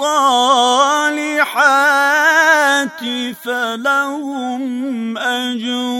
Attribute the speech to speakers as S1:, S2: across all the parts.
S1: الصالحات فلهم أجر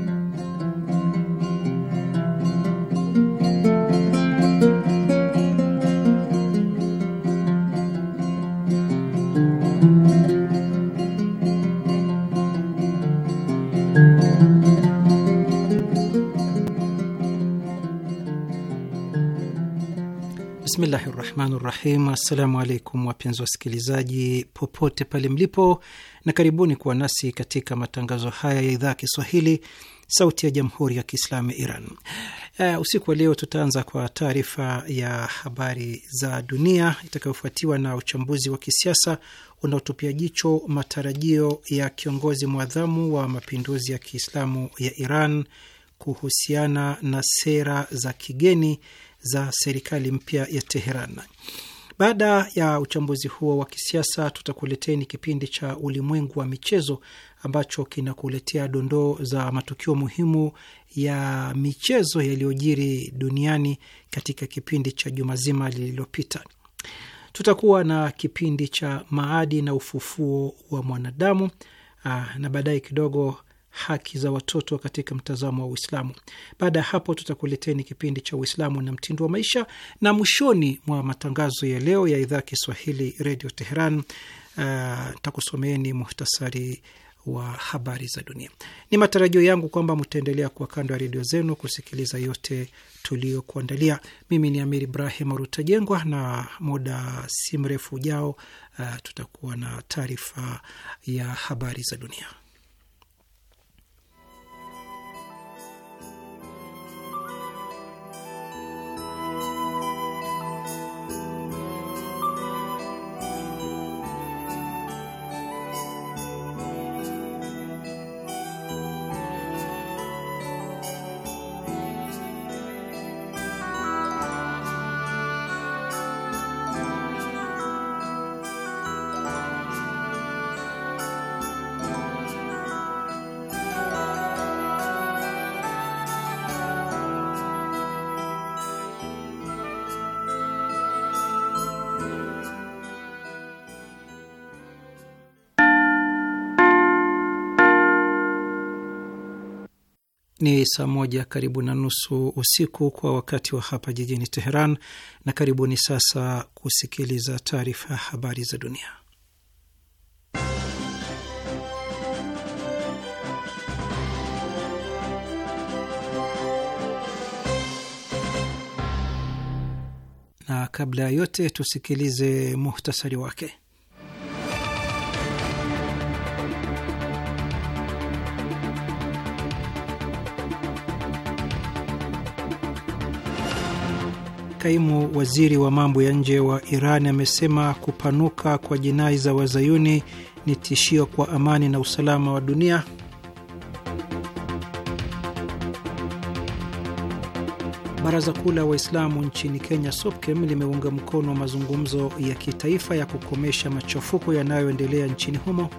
S2: rahmani rahim. Assalamu alaikum wapenzi wasikilizaji popote pale mlipo, na karibuni kuwa nasi katika matangazo haya ya idhaa ya Kiswahili sauti ya jamhuri ya Kiislamu ya Iran. Uh, usiku wa leo tutaanza kwa taarifa ya habari za dunia itakayofuatiwa na uchambuzi wa kisiasa unaotupia jicho matarajio ya kiongozi mwadhamu wa mapinduzi ya Kiislamu ya Iran kuhusiana na sera za kigeni za serikali mpya ya Teheran. Baada ya uchambuzi huo wa kisiasa, tutakuleteni kipindi cha ulimwengu wa michezo ambacho kinakuletea dondoo za matukio muhimu ya michezo yaliyojiri duniani katika kipindi cha juma zima lililopita. Tutakuwa na kipindi cha maadi na ufufuo wa mwanadamu ah, na baadaye kidogo haki za watoto katika mtazamo wa Uislamu. Baada ya hapo, tutakuleteni kipindi cha Uislamu na mtindo wa maisha, na mwishoni mwa matangazo ya leo ya idhaa Kiswahili Redio Teheran uh, takusomeeni muhtasari wa habari za dunia. Ni matarajio yangu kwamba mtaendelea kuwa kando ya redio zenu kusikiliza yote tuliyokuandalia. Mimi ni Amir Ibrahim Rutajengwa, na muda si mrefu ujao uh, tutakuwa na taarifa ya habari za dunia. Ni saa moja karibu na nusu usiku kwa wakati wa hapa jijini Teheran, na karibuni sasa kusikiliza taarifa ya habari za dunia. Na kabla ya yote tusikilize muhtasari wake. Kaimu waziri wa mambo ya nje wa Iran amesema kupanuka kwa jinai za wazayuni ni tishio kwa amani na usalama wa dunia. Baraza Kuu la Waislamu nchini Kenya, SUPKEM, limeunga mkono mazungumzo ya kitaifa ya kukomesha machafuko yanayoendelea nchini humo.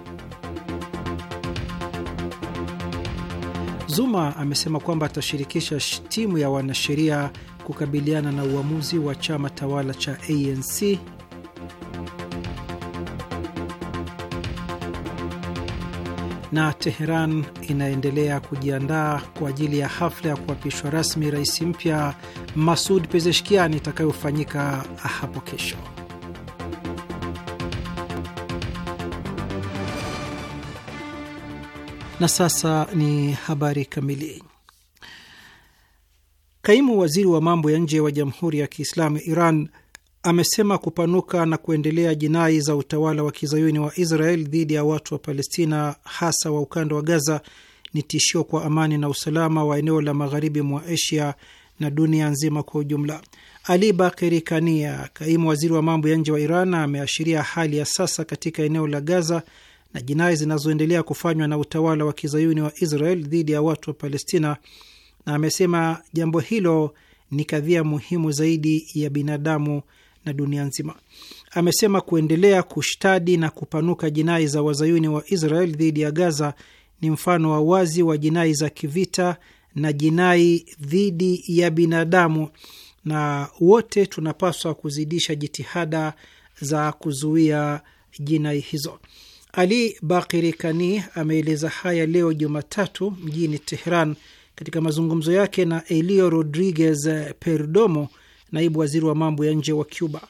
S2: Zuma amesema kwamba atashirikisha timu ya wanasheria kukabiliana na uamuzi wa chama tawala cha ANC. Na Teheran inaendelea kujiandaa kwa ajili ya hafla ya kuapishwa rasmi rais mpya Masud Pezeshkian itakayofanyika hapo kesho. Na sasa ni habari kamili. Kaimu waziri wa mambo ya nje wa Jamhuri ya Kiislamu Iran amesema kupanuka na kuendelea jinai za utawala wa kizayuni wa Israel dhidi ya watu wa Palestina, hasa wa ukanda wa Gaza, ni tishio kwa amani na usalama wa eneo la magharibi mwa Asia na dunia nzima kwa ujumla. Ali Bakeri Kania, kaimu waziri wa mambo ya nje wa Iran, ameashiria hali ya sasa katika eneo la Gaza na jinai zinazoendelea kufanywa na utawala wa kizayuni wa Israel dhidi ya watu wa Palestina na amesema jambo hilo ni kadhia muhimu zaidi ya binadamu na dunia nzima. Amesema kuendelea kushtadi na kupanuka jinai za wazayuni wa Israel dhidi ya Gaza ni mfano wa wazi wa jinai za kivita na jinai dhidi ya binadamu, na wote tunapaswa kuzidisha jitihada za kuzuia jinai hizo. Ali Bakiri Kani ameeleza haya leo Jumatatu mjini Tehran katika mazungumzo yake na Elio Rodriguez Perdomo, naibu waziri wa mambo ya nje wa Cuba,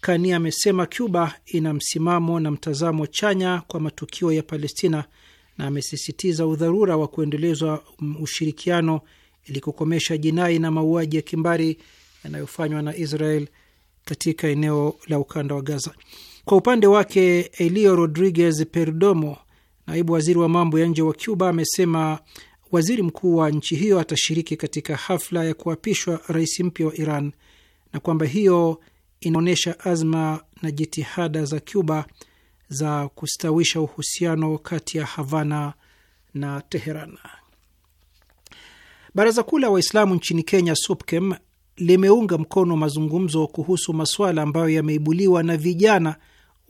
S2: Kani amesema Cuba ina msimamo na mtazamo chanya kwa matukio ya Palestina na amesisitiza udharura wa kuendelezwa ushirikiano ili kukomesha jinai na mauaji ya kimbari yanayofanywa na Israel katika eneo la ukanda wa Gaza. Kwa upande wake, Elio Rodriguez Perdomo, naibu waziri wa mambo ya nje wa Cuba, amesema waziri mkuu wa nchi hiyo atashiriki katika hafla ya kuapishwa rais mpya wa Iran na kwamba hiyo inaonyesha azma na jitihada za Cuba za kustawisha uhusiano kati ya Havana na Teheran. Baraza Kuu la Waislamu nchini Kenya, SUPKEM, limeunga mkono mazungumzo kuhusu masuala ambayo yameibuliwa na vijana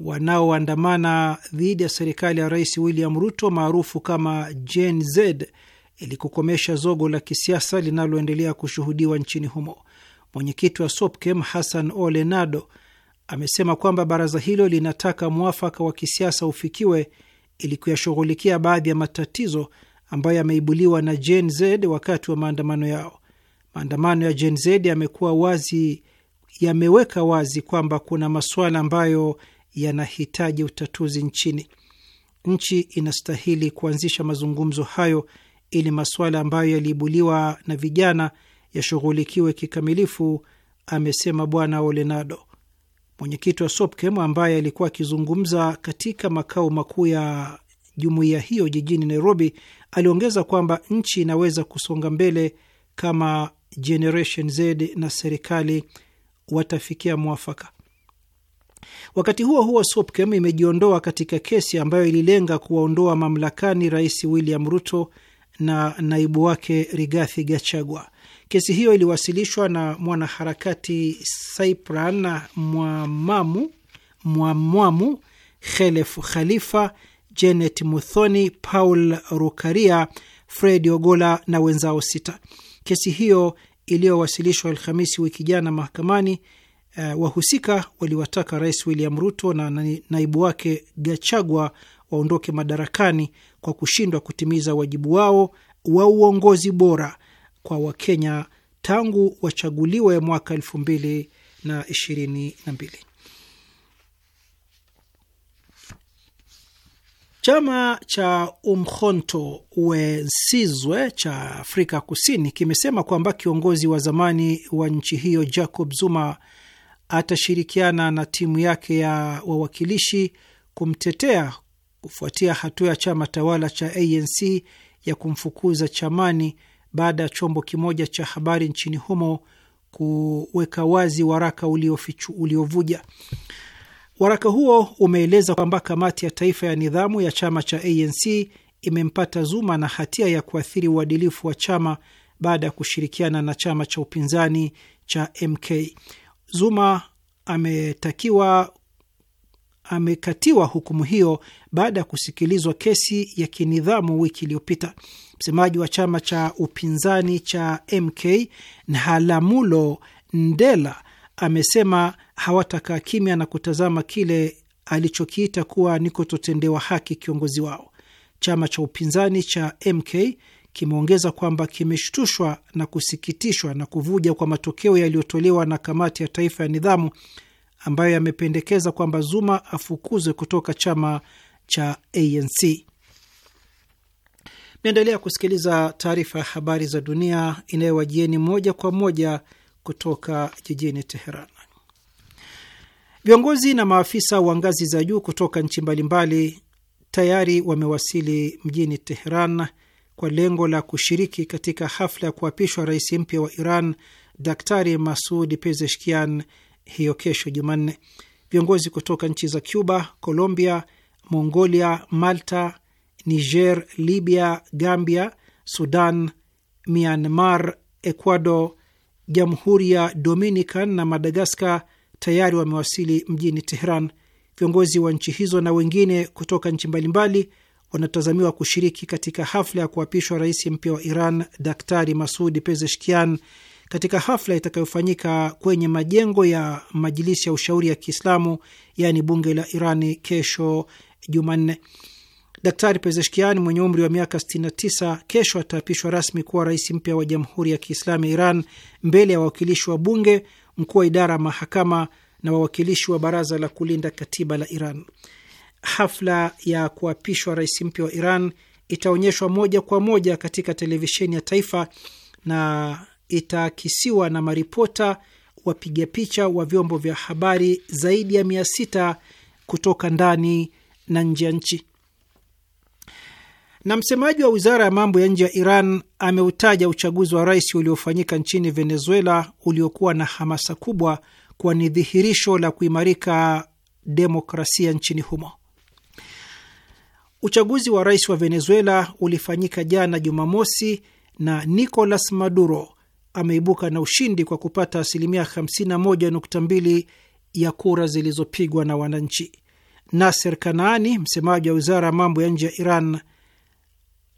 S2: wanaoandamana dhidi ya serikali ya Rais William Ruto maarufu kama Gen Z ili kukomesha zogo la kisiasa linaloendelea kushuhudiwa nchini humo. Mwenyekiti wa SOPKEM Hassan Ole Nado amesema kwamba baraza hilo linataka mwafaka wa kisiasa ufikiwe ili kuyashughulikia baadhi ya matatizo ambayo yameibuliwa na Gen Z wakati wa maandamano yao. Maandamano ya Gen Z yamekuwa wazi, yameweka wazi kwamba kuna masuala ambayo yanahitaji utatuzi nchini. Nchi inastahili kuanzisha mazungumzo hayo ili masuala ambayo yaliibuliwa na vijana yashughulikiwe kikamilifu, amesema Bwana Olenado, mwenyekiti wa SOPKEM ambaye alikuwa akizungumza katika makao makuu ya jumuiya hiyo jijini Nairobi. Aliongeza kwamba nchi inaweza kusonga mbele kama Generation Z na serikali watafikia mwafaka. Wakati huo huo, SOPKEM imejiondoa katika kesi ambayo ililenga kuwaondoa mamlakani Rais William Ruto na naibu wake Rigathi Gachagua. Kesi hiyo iliwasilishwa na mwanaharakati Cypran Mwamamu, Mwamwamu Khelef Khalifa, Janet Muthoni, Paul Rukaria, Fred Ogola na wenzao sita. Kesi hiyo iliyowasilishwa Alhamisi wiki jana mahakamani, uh, wahusika waliwataka Rais William Ruto na naibu wake Gachagua waondoke madarakani kwa kushindwa kutimiza wajibu wao wa uongozi bora kwa Wakenya tangu wachaguliwe mwaka elfu mbili na ishirini na mbili. Chama cha Umkhonto Wesizwe cha Afrika Kusini kimesema kwamba kiongozi wa zamani wa nchi hiyo Jacob Zuma atashirikiana na timu yake ya wawakilishi kumtetea kufuatia hatua ya chama tawala cha ANC ya kumfukuza chamani baada ya chombo kimoja cha habari nchini humo kuweka wazi waraka uliovuja. Waraka huo umeeleza kwamba kamati ya taifa ya nidhamu ya chama cha ANC imempata Zuma na hatia ya kuathiri uadilifu wa chama baada ya kushirikiana na chama cha upinzani cha MK. Zuma ametakiwa amekatiwa hukumu hiyo baada ya kusikilizwa kesi ya kinidhamu wiki iliyopita. Msemaji wa chama cha upinzani cha MK Nhalamulo Ndela amesema hawatakaa kimya na kutazama kile alichokiita kuwa ni kutotendewa haki kiongozi wao. Chama cha upinzani cha MK kimeongeza kwamba kimeshtushwa na kusikitishwa na kuvuja kwa matokeo yaliyotolewa na kamati ya taifa ya nidhamu ambayo yamependekeza kwamba Zuma afukuzwe kutoka chama cha ANC. Naendelea kusikiliza taarifa ya habari za dunia inayowajieni moja kwa moja kutoka jijini Teheran. Viongozi na maafisa wa ngazi za juu kutoka nchi mbalimbali tayari wamewasili mjini Teheran kwa lengo la kushiriki katika hafla ya kuapishwa rais mpya wa Iran, Daktari Masud Pezeshkian hiyo kesho Jumanne. Viongozi kutoka nchi za Cuba, Colombia, Mongolia, Malta, Niger, Libya, Gambia, Sudan, Myanmar, Ecuador, Jamhuri ya Dominican na Madagaskar tayari wamewasili mjini Teheran. Viongozi wa nchi hizo na wengine kutoka nchi mbalimbali wanatazamiwa kushiriki katika hafla ya kuapishwa rais mpya wa Iran, Daktari Masudi Pezeshkian katika hafla itakayofanyika kwenye majengo ya Majilisi ya Ushauri ya Kiislamu, yaani bunge la Irani kesho Jumanne. Daktari Pezeshkiani mwenye umri wa miaka 69 kesho ataapishwa rasmi kuwa rais mpya wa Jamhuri ya Kiislamu ya Iran mbele ya wawakilishi wa bunge, mkuu wa idara ya mahakama na wawakilishi wa baraza la kulinda katiba la Iran. Hafla ya kuapishwa rais mpya wa Iran itaonyeshwa moja kwa moja katika televisheni ya taifa na itaakisiwa na maripota, wapiga picha wa vyombo vya habari zaidi ya mia sita kutoka ndani na nje ya nchi. Na msemaji wa wizara ya mambo ya nje ya Iran ameutaja uchaguzi wa rais uliofanyika nchini Venezuela uliokuwa na hamasa kubwa kuwa ni dhihirisho la kuimarika demokrasia nchini humo. Uchaguzi wa rais wa Venezuela ulifanyika jana Jumamosi na Nicolas Maduro ameibuka na ushindi kwa kupata asilimia 51.2 ya kura zilizopigwa na wananchi. Naser Kanaani, msemaji wa wizara ya mambo ya nje ya Iran,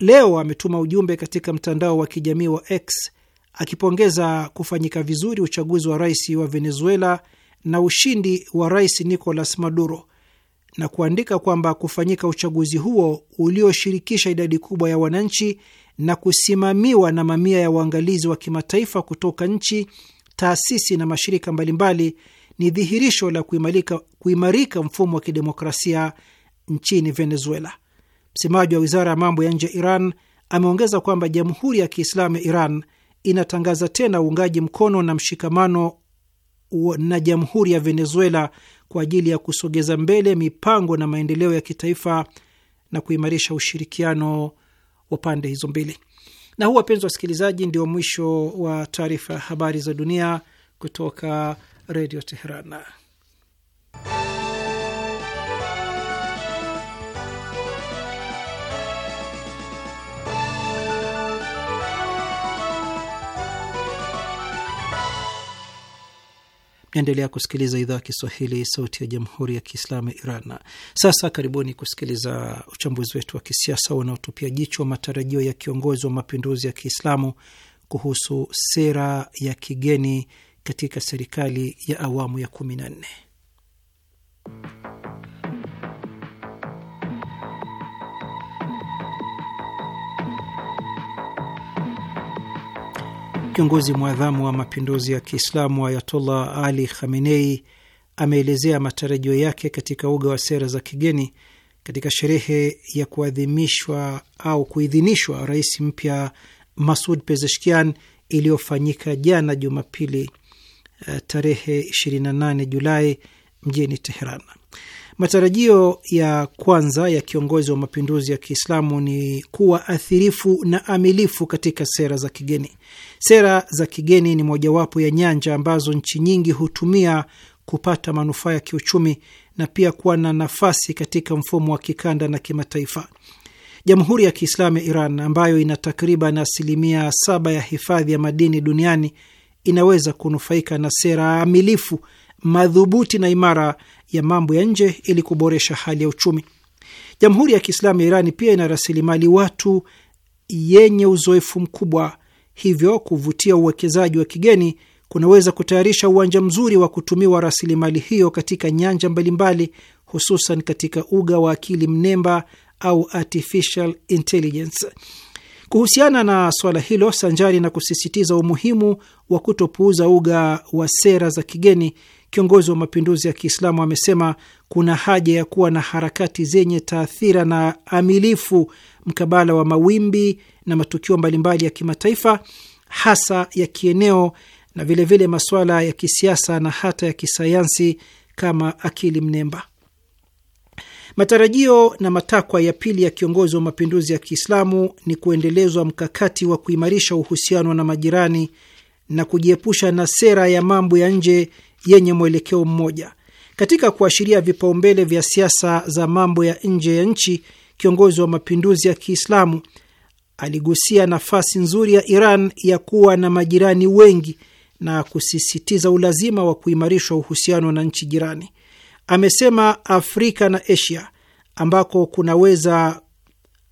S2: leo ametuma ujumbe katika mtandao wa kijamii wa X akipongeza kufanyika vizuri uchaguzi wa rais wa Venezuela na ushindi wa rais Nicolas Maduro na kuandika kwamba kufanyika uchaguzi huo ulioshirikisha idadi kubwa ya wananchi na kusimamiwa na mamia ya waangalizi wa kimataifa kutoka nchi, taasisi na mashirika mbalimbali ni dhihirisho la kuimarika, kuimarika mfumo wa kidemokrasia nchini Venezuela. Msemaji wa wizara ya mambo ya nje ya Iran ameongeza kwamba Jamhuri ya Kiislamu ya Iran inatangaza tena uungaji mkono na mshikamano na Jamhuri ya Venezuela kwa ajili ya kusogeza mbele mipango na maendeleo ya kitaifa na kuimarisha ushirikiano wa pande hizo mbili. Na huu, wapenzi wasikilizaji, ndio mwisho wa taarifa ya habari za dunia kutoka Redio Teheran. Naendelea kusikiliza idhaa Kiswahili sauti ya jamhuri ya kiislamu ya Iran. Sasa karibuni kusikiliza uchambuzi wetu wa kisiasa unaotupia jicho matarajio ya kiongozi wa mapinduzi ya Kiislamu kuhusu sera ya kigeni katika serikali ya awamu ya kumi na nne. Kiongozi mwadhamu wa mapinduzi ya Kiislamu Ayatollah Ali Khamenei ameelezea matarajio yake katika uga wa sera za kigeni katika sherehe ya kuadhimishwa au kuidhinishwa rais mpya Masud Pezeshkian iliyofanyika jana Jumapili, eh, tarehe 28 Julai mjini Teheran. Matarajio ya kwanza ya kiongozi wa mapinduzi ya Kiislamu ni kuwa athirifu na amilifu katika sera za kigeni. Sera za kigeni ni mojawapo ya nyanja ambazo nchi nyingi hutumia kupata manufaa ya kiuchumi na pia kuwa na nafasi katika mfumo wa kikanda na kimataifa. Jamhuri ya Kiislamu ya Iran ambayo ina takriban asilimia saba ya hifadhi ya madini duniani inaweza kunufaika na sera amilifu madhubuti na imara ya mambo ya nje ili kuboresha hali ya uchumi. Jamhuri ya Kiislamu ya Irani pia ina rasilimali watu yenye uzoefu mkubwa, hivyo kuvutia uwekezaji wa kigeni kunaweza kutayarisha uwanja mzuri wa kutumiwa rasilimali hiyo katika nyanja mbalimbali, hususan katika uga wa akili mnemba au artificial intelligence. Kuhusiana na swala hilo, sanjari na kusisitiza umuhimu wa kutopuuza uga wa sera za kigeni, Kiongozi wa mapinduzi ya Kiislamu amesema kuna haja ya kuwa na harakati zenye taathira na amilifu mkabala wa mawimbi na matukio mbalimbali ya kimataifa, hasa ya kieneo na vilevile masuala ya kisiasa na hata ya kisayansi kama akili mnemba. Matarajio na matakwa ya pili ya kiongozi wa mapinduzi ya Kiislamu ni kuendelezwa mkakati wa kuimarisha uhusiano na majirani na kujiepusha na sera ya mambo ya nje yenye mwelekeo mmoja. Katika kuashiria vipaumbele vya siasa za mambo ya nje ya nchi, kiongozi wa mapinduzi ya Kiislamu aligusia nafasi nzuri ya Iran ya kuwa na majirani wengi na kusisitiza ulazima wa kuimarishwa uhusiano na nchi jirani. Amesema Afrika na Asia ambako kunaweza.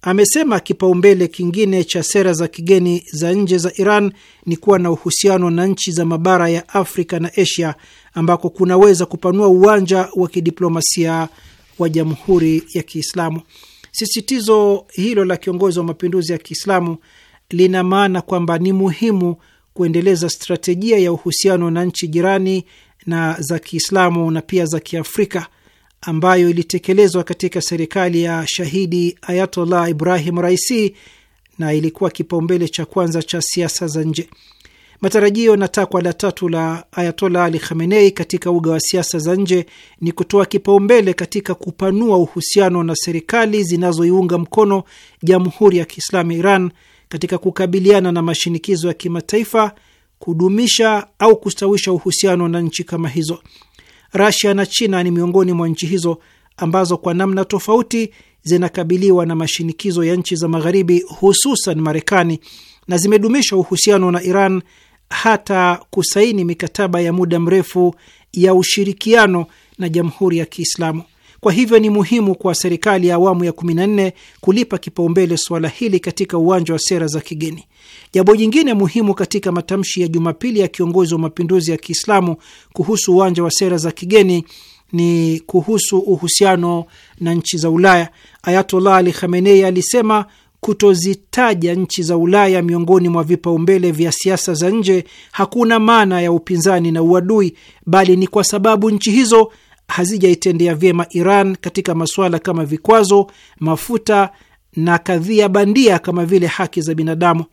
S2: Amesema kipaumbele kingine cha sera za kigeni za nje za Iran ni kuwa na uhusiano na nchi za mabara ya Afrika na Asia ambako kunaweza kupanua uwanja wa kidiplomasia wa Jamhuri ya Kiislamu. Sisitizo hilo la kiongozi wa mapinduzi ya Kiislamu lina maana kwamba ni muhimu kuendeleza strategia ya uhusiano na nchi jirani na za Kiislamu na pia za Kiafrika ambayo ilitekelezwa katika serikali ya shahidi Ayatollah Ibrahim Raisi na ilikuwa kipaumbele cha kwanza cha siasa za nje. Matarajio na takwa la tatu la Ayatola Ali Khamenei katika uga wa siasa za nje ni kutoa kipaumbele katika kupanua uhusiano na serikali zinazoiunga mkono Jamhuri ya Kiislamu Iran katika kukabiliana na mashinikizo ya kimataifa, kudumisha au kustawisha uhusiano na nchi kama hizo. Rasia na China ni miongoni mwa nchi hizo ambazo kwa namna tofauti zinakabiliwa na mashinikizo ya nchi za Magharibi, hususan Marekani, na zimedumisha uhusiano na Iran hata kusaini mikataba ya muda mrefu ya ushirikiano na Jamhuri ya Kiislamu. Kwa hivyo ni muhimu kwa serikali ya awamu ya 14 kulipa kipaumbele suala hili katika uwanja wa sera za kigeni. Jambo jingine muhimu katika matamshi ya Jumapili ya kiongozi wa mapinduzi ya Kiislamu kuhusu uwanja wa sera za kigeni ni kuhusu uhusiano na nchi za Ulaya. Ayatollah Ali Khamenei alisema kutozitaja nchi za Ulaya miongoni mwa vipaumbele vya siasa za nje hakuna maana ya upinzani na uadui, bali ni kwa sababu nchi hizo hazijaitendea vyema Iran katika masuala kama vikwazo, mafuta na kadhia bandia kama vile haki za binadamu.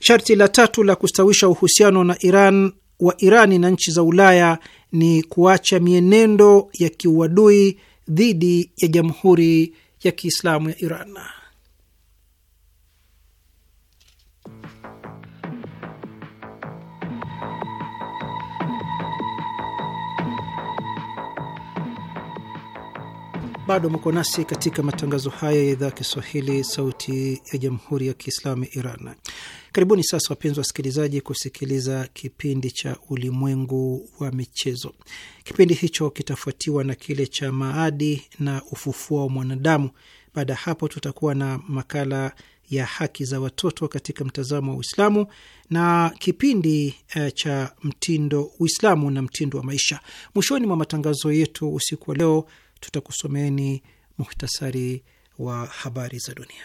S2: Sharti la tatu la kustawisha uhusiano na Iran wa Irani na nchi za Ulaya ni kuacha mienendo ya kiuadui dhidi ya Jamhuri ya Kiislamu ya Iran. Bado mko nasi katika matangazo haya ya idhaa Kiswahili, sauti ya jamhuri ya kiislamu ya Iran. Karibuni sasa, wapenzi wasikilizaji, kusikiliza kipindi cha ulimwengu wa michezo. Kipindi hicho kitafuatiwa na kile cha maadi na ufufuo wa mwanadamu. Baada ya hapo, tutakuwa na makala ya haki za watoto katika mtazamo wa Uislamu na kipindi e, cha mtindo Uislamu na mtindo wa maisha. Mwishoni mwa matangazo yetu usiku wa leo tutakusomeni muhtasari wa habari za dunia.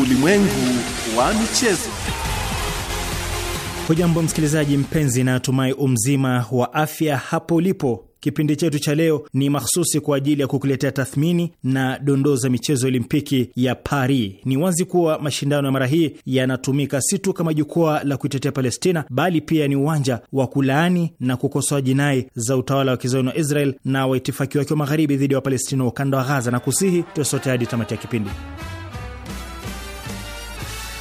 S3: Ulimwengu wa michezo.
S4: Hujambo msikilizaji mpenzi, na atumai umzima wa afya hapo ulipo. Kipindi chetu cha leo ni mahsusi kwa ajili ya kukuletea tathmini na dondoo za michezo ya Olimpiki ya Paris. Ni wazi kuwa mashindano ya mara hii yanatumika si tu kama jukwaa la kuitetea Palestina, bali pia ni uwanja wa kulaani na kukosoa jinai za utawala wa kizayuni wa Israel na waitifaki wake wa magharibi dhidi ya Wapalestina wa ukanda wa Ghaza, na kusihi tuwe hadi tamati ya kipindi.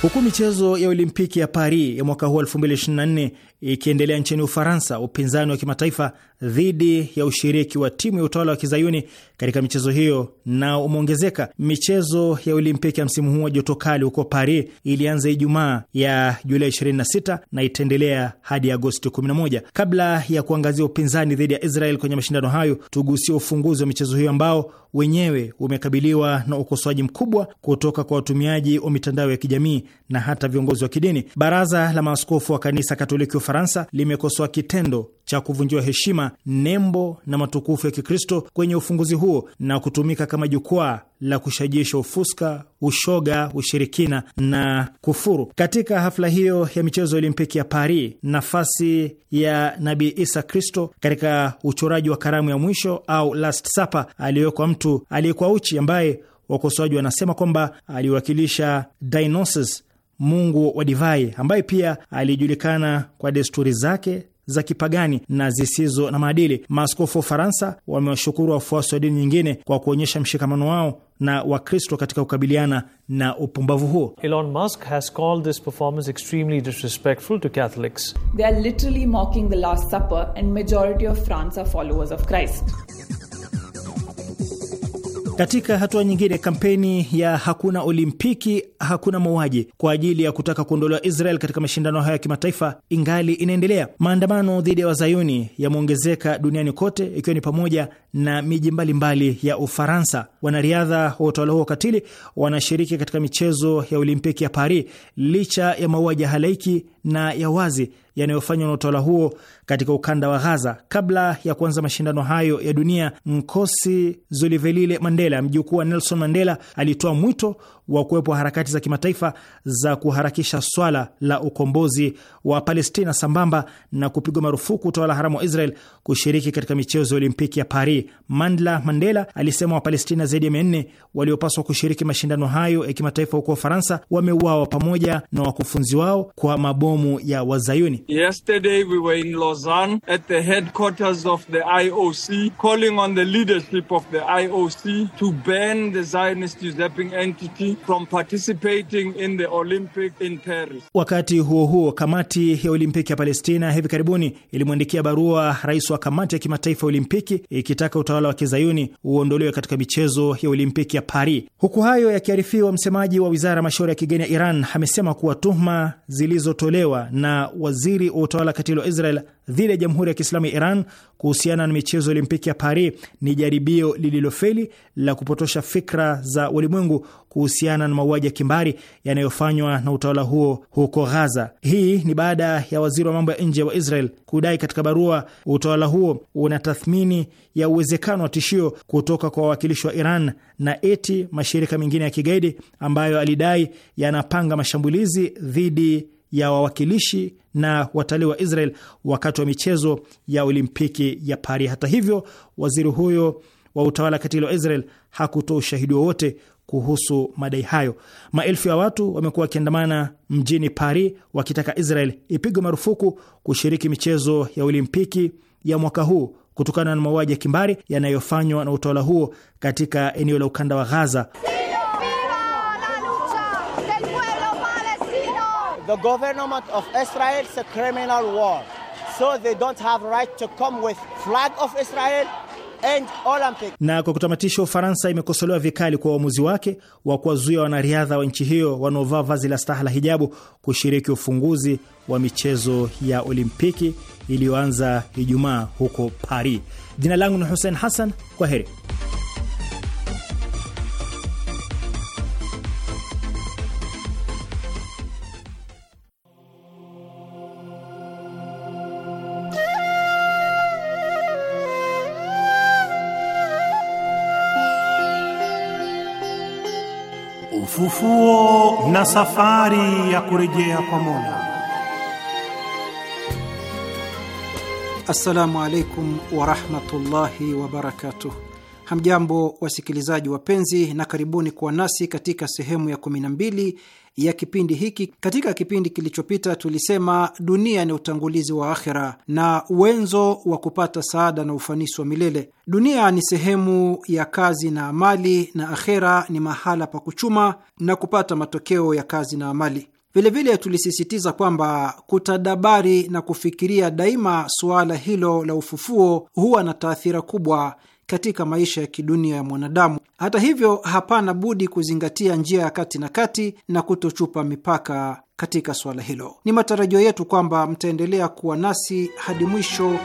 S4: Huku michezo ya Olimpiki ya Paris ya mwaka huu 2024 ikiendelea nchini Ufaransa, upinzani wa kimataifa dhidi ya ushiriki wa timu ya utawala wa kizayuni katika michezo hiyo nao umeongezeka. Michezo ya Olimpiki ya msimu huu wa joto kali huko Paris ilianza Ijumaa ya Julai 26 na itaendelea hadi Agosti 11. Kabla ya kuangazia upinzani dhidi ya Israel kwenye mashindano hayo, tugusie ufunguzi wa michezo hiyo ambao wenyewe umekabiliwa na ukosoaji mkubwa kutoka kwa watumiaji wa mitandao ya kijamii na hata viongozi wa kidini. Baraza la maaskofu wa kanisa Katoliki Ufaransa limekosoa kitendo cha kuvunjiwa heshima nembo na matukufu ya Kikristo kwenye ufunguzi huo na kutumika kama jukwaa la kushajisha ufuska, ushoga, ushirikina na kufuru. Katika hafla hiyo ya michezo ya Olimpiki ya Paris, nafasi ya Nabii Isa Kristo katika uchoraji wa karamu ya mwisho au Last Supper aliyowekwa mtu aliyekuwa uchi, ambaye wakosoaji wanasema kwamba aliwakilisha Dionysus mungu wa divai, ambaye pia alijulikana kwa desturi zake za kipagani na zisizo na maadili. Maaskofu wa Ufaransa wamewashukuru wafuasi wa dini nyingine kwa kuonyesha mshikamano wao na Wakristo katika kukabiliana na upumbavu huo. Elon Musk has called this performance extremely disrespectful to Catholics. They are literally mocking the Last Supper and majority of France are followers of Christ. Katika hatua nyingine, kampeni ya hakuna olimpiki hakuna mauaji kwa ajili ya kutaka kuondolewa Israel katika mashindano hayo ya kimataifa ingali inaendelea. Maandamano dhidi ya wazayuni yameongezeka duniani kote, ikiwa ni pamoja na miji mbalimbali ya Ufaransa. Wanariadha wa utawala huo katili wanashiriki katika michezo ya olimpiki ya Paris licha ya mauaji ya halaiki na ya wazi yanayofanywa na utawala huo katika ukanda wa Ghaza. Kabla ya kuanza mashindano hayo ya dunia, Nkosi Zolivelile Mandela, mjukuu wa Nelson Mandela, alitoa mwito wa kuwepo harakati za kimataifa za kuharakisha swala la ukombozi wa Palestina sambamba na kupigwa marufuku utawala haramu wa Israel kushiriki katika michezo ya Olimpiki ya Paris. Mandla Mandela alisema Wapalestina zaidi ya mia nne waliopaswa kushiriki mashindano hayo ya kimataifa huko Ufaransa wameuawa pamoja na wakufunzi wao kwa mabomu ya Wazayuni.
S1: Yesterday we were in Lausanne at the headquarters of the IOC calling on the leadership of the IOC to ban the Zionist usurping entity from participating in the Olympic in Paris.
S4: Wakati huo huo, kamati ya Olimpiki ya Palestina hivi karibuni ilimwandikia barua rais wa kamati ya kimataifa ya Olimpiki ikitaka utawala wa kizayuni uondolewe katika michezo ya Olimpiki ya Paris. Huku hayo yakiarifiwa, msemaji wa wizara ya mashauri ya kigeni ya Iran amesema kuwa tuhuma zilizotolewa na waziri wa utawala katili wa Israel dhidi ya Jamhuri ya Kiislamu ya Iran kuhusiana na michezo ya Olimpiki ya Paris ni jaribio lililofeli la kupotosha fikra za ulimwengu kuhusiana na mauaji ya kimbari yanayofanywa na utawala huo huko Ghaza. Hii ni baada ya waziri wa mambo ya nje wa Israel kudai katika barua utawala huo una tathmini ya uwezekano wa tishio kutoka kwa wawakilishi wa Iran na eti mashirika mengine ya kigaidi ambayo alidai yanapanga mashambulizi dhidi ya wawakilishi na watalii wa Israel wakati wa michezo ya Olimpiki ya Paris. Hata hivyo, waziri huyo wa utawala katili wa Israel hakutoa ushahidi wowote kuhusu madai hayo. Maelfu ya watu wamekuwa wakiandamana mjini Paris wakitaka Israel ipigwe marufuku kushiriki michezo ya Olimpiki ya mwaka huu kutokana na mauaji ya kimbari yanayofanywa na utawala huo katika eneo la ukanda wa Gaza. the government of Israel is a criminal
S2: war. So they don't have right to come with flag of Israel and
S4: Olympic. Na kwa kutamatisha, Ufaransa imekosolewa vikali kwa uamuzi wake wa kuwazuia wanariadha wa nchi hiyo wanaovaa vazi la staha la hijabu kushiriki ufunguzi wa michezo ya Olimpiki iliyoanza Ijumaa huko Paris. Jina langu ni Hussein Hassan, kwa heri. safari ya kurejea kwa Mola.
S2: Assalamu alaikum warahmatullahi wabarakatuh. Hamjambo wasikilizaji wapenzi, na karibuni kuwa nasi katika sehemu ya 12 ya kipindi hiki. Katika kipindi kilichopita, tulisema dunia ni utangulizi wa akhera na uwenzo wa kupata saada na ufanisi wa milele. Dunia ni sehemu ya kazi na amali, na akhera ni mahala pa kuchuma na kupata matokeo ya kazi na amali. Vilevile tulisisitiza kwamba kutadabari na kufikiria daima suala hilo la ufufuo huwa na taathira kubwa katika maisha ya kidunia ya mwanadamu. Hata hivyo, hapana budi kuzingatia njia ya kati na kati na kutochupa mipaka katika suala hilo. Ni matarajio yetu kwamba mtaendelea kuwa nasi hadi mwisho.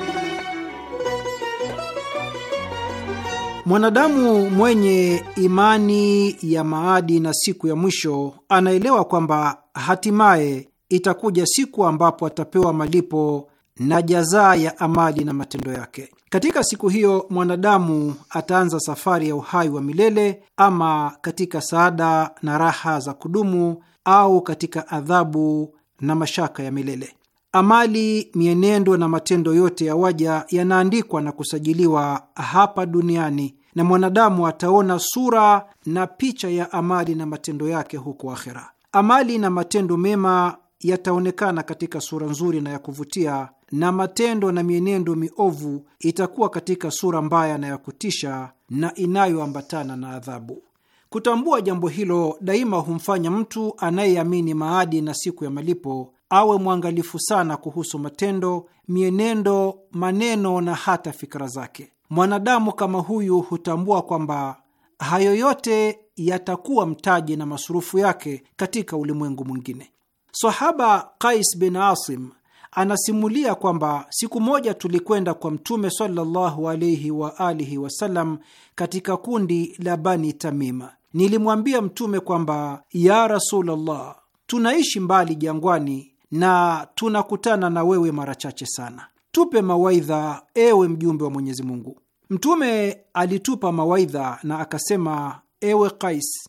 S2: Mwanadamu mwenye imani ya maadi na siku ya mwisho anaelewa kwamba hatimaye itakuja siku ambapo atapewa malipo na jazaa ya amali na matendo yake. Katika siku hiyo mwanadamu ataanza safari ya uhai wa milele, ama katika saada na raha za kudumu, au katika adhabu na mashaka ya milele. Amali, mienendo na matendo yote ya waja yanaandikwa na kusajiliwa hapa duniani, na mwanadamu ataona sura na picha ya amali na matendo yake huko akhera. Amali na matendo mema yataonekana katika sura nzuri na ya kuvutia, na matendo na mienendo miovu itakuwa katika sura mbaya na ya kutisha na inayoambatana na adhabu. Kutambua jambo hilo daima humfanya mtu anayeamini maadi na siku ya malipo awe mwangalifu sana kuhusu matendo, mienendo, maneno na hata fikra zake. Mwanadamu kama huyu hutambua kwamba hayo yote yatakuwa mtaji na masurufu yake katika ulimwengu mwingine. Sahaba Qais bin Asim anasimulia kwamba siku moja tulikwenda kwa Mtume sallallahu alaihi wa alihi wasallam katika kundi la Bani Tamima. Nilimwambia Mtume kwamba ya Rasulullah, tunaishi mbali jangwani na tunakutana na wewe mara chache sana, tupe mawaidha, ewe mjumbe wa Mwenyezi Mungu. Mtume alitupa mawaidha na akasema, ewe Kais,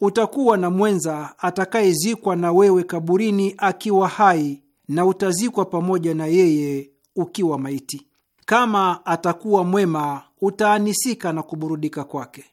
S2: utakuwa na mwenza atakayezikwa na wewe kaburini akiwa hai, na utazikwa pamoja na yeye ukiwa maiti. Kama atakuwa mwema, utaanisika na kuburudika kwake,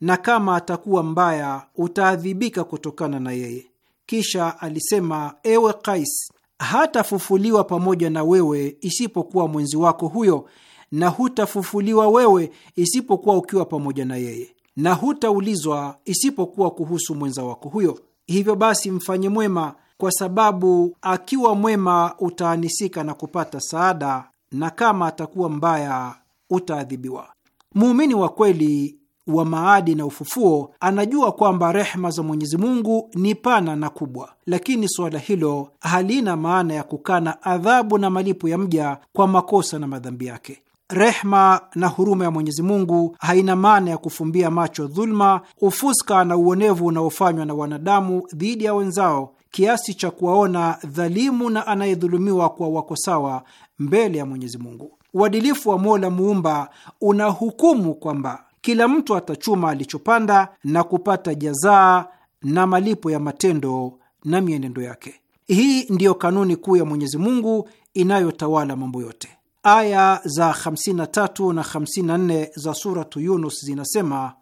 S2: na kama atakuwa mbaya, utaadhibika kutokana na yeye. Kisha alisema, ewe Kais, hatafufuliwa pamoja na wewe isipokuwa mwenzi wako huyo, na hutafufuliwa wewe isipokuwa ukiwa pamoja na yeye na hutaulizwa isipokuwa kuhusu mwenza wako huyo. Hivyo basi, mfanye mwema, kwa sababu akiwa mwema utaanisika na kupata saada, na kama atakuwa mbaya utaadhibiwa. Muumini wa kweli wa maadi na ufufuo anajua kwamba rehma za Mwenyezi Mungu ni pana na kubwa, lakini suala hilo halina maana ya kukana adhabu na malipo ya mja kwa makosa na madhambi yake. Rehma na huruma ya Mwenyezi Mungu haina maana ya kufumbia macho dhuluma, ufuska na uonevu unaofanywa na wanadamu dhidi ya wenzao kiasi cha kuwaona dhalimu na anayedhulumiwa kwa wako sawa mbele ya Mwenyezi Mungu. Uadilifu wa Mola Muumba unahukumu kwamba kila mtu atachuma alichopanda na kupata jazaa na malipo ya matendo na mienendo yake. Hii ndiyo kanuni kuu ya Mwenyezi Mungu inayotawala mambo yote. Aya za 53 na 54 za Suratu Yunus zinasema,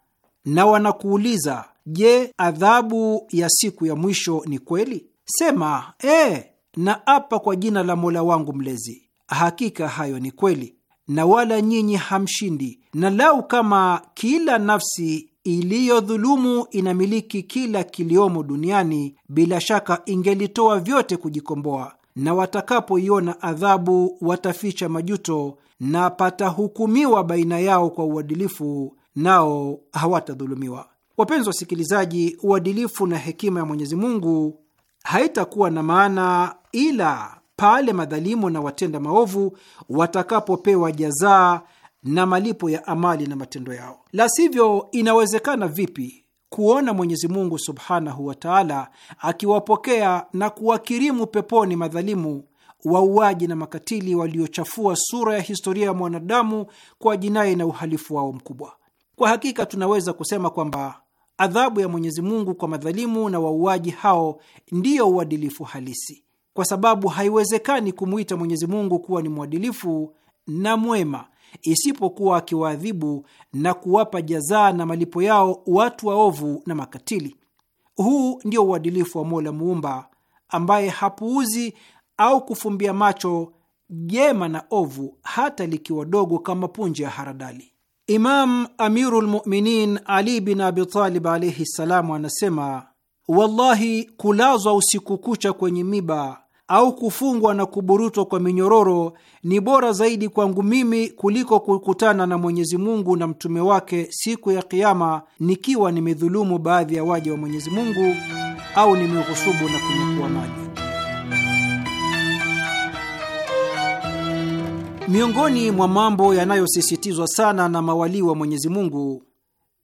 S2: na wanakuuliza je, adhabu ya siku ya mwisho ni kweli? Sema, ee, na apa kwa jina la Mola wangu Mlezi, hakika hayo ni kweli, na wala nyinyi hamshindi, na lau kama kila nafsi iliyodhulumu inamiliki kila kiliomo duniani, bila shaka ingelitoa vyote kujikomboa na watakapoiona adhabu wataficha majuto, na patahukumiwa baina yao kwa uadilifu, nao hawatadhulumiwa. Wapenzi wasikilizaji, uadilifu na hekima ya Mwenyezi Mungu haitakuwa na maana ila pale madhalimu na watenda maovu watakapopewa jazaa na malipo ya amali na matendo yao. La sivyo, inawezekana vipi kuona Mwenyezi Mungu subhanahu wa taala akiwapokea na kuwakirimu peponi madhalimu, wauaji na makatili waliochafua sura ya historia ya mwanadamu kwa jinai na uhalifu wao mkubwa. Kwa hakika tunaweza kusema kwamba adhabu ya Mwenyezi Mungu kwa madhalimu na wauaji hao ndiyo uadilifu halisi, kwa sababu haiwezekani kumwita Mwenyezi Mungu kuwa ni mwadilifu na mwema isipokuwa akiwaadhibu na kuwapa jazaa na malipo yao watu waovu na makatili. Huu ndio uadilifu wa Mola Muumba ambaye hapuuzi au kufumbia macho jema na ovu hata likiwa dogo kama punje ya haradali. Imam amirulmuminin Ali bin Abitalib alaihi ssalamu anasema, wallahi kulazwa usiku kucha kwenye miba au kufungwa na kuburutwa kwa minyororo ni bora zaidi kwangu mimi kuliko kukutana na Mwenyezi Mungu na mtume wake siku ya Kiama nikiwa nimedhulumu baadhi ya waja wa Mwenyezi Mungu au nimeghusubu na kunyakua maji. Miongoni mwa mambo yanayosisitizwa sana na mawalii wa Mwenyezi Mungu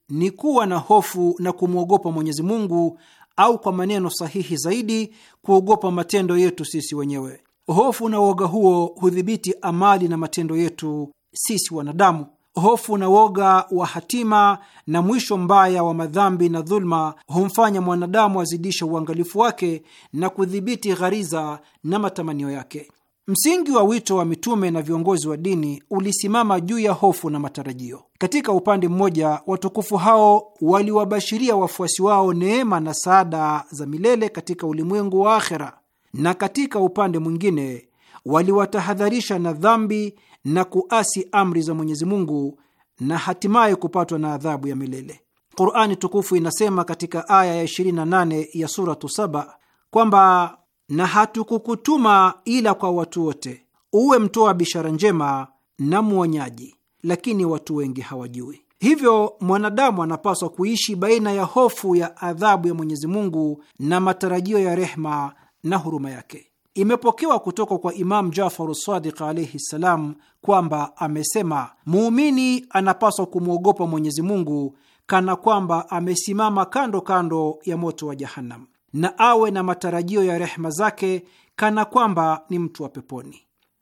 S2: ni kuwa na hofu na kumwogopa Mwenyezi Mungu au kwa maneno sahihi zaidi, kuogopa matendo yetu sisi wenyewe. Hofu na woga huo hudhibiti amali na matendo yetu sisi wanadamu. Hofu na woga wa hatima na mwisho mbaya wa madhambi na dhuluma humfanya mwanadamu azidisha uangalifu wake na kudhibiti ghariza na matamanio yake. Msingi wa wito wa mitume na viongozi wa dini ulisimama juu ya hofu na matarajio. Katika upande mmoja, watukufu hao waliwabashiria wafuasi wao neema na saada za milele katika ulimwengu wa akhera, na katika upande mwingine waliwatahadharisha na dhambi na kuasi amri za Mwenyezi Mungu na hatimaye kupatwa na adhabu ya milele. Qurani tukufu inasema katika aya ya 28 ya suratu Saba kwamba na hatukukutuma ila kwa watu wote, uwe mtoa bishara njema na mwonyaji, lakini watu wengi hawajui. Hivyo mwanadamu anapaswa kuishi baina ya hofu ya adhabu ya Mwenyezi Mungu na matarajio ya rehma na huruma yake. Imepokewa kutoka kwa Imamu Jafaru Sadiq alaihi ssalam kwamba amesema, muumini anapaswa kumwogopa Mwenyezi Mungu kana kwamba amesimama kando kando ya moto wa Jahannam na awe na matarajio ya rehema zake kana kwamba ni mtu wa peponi.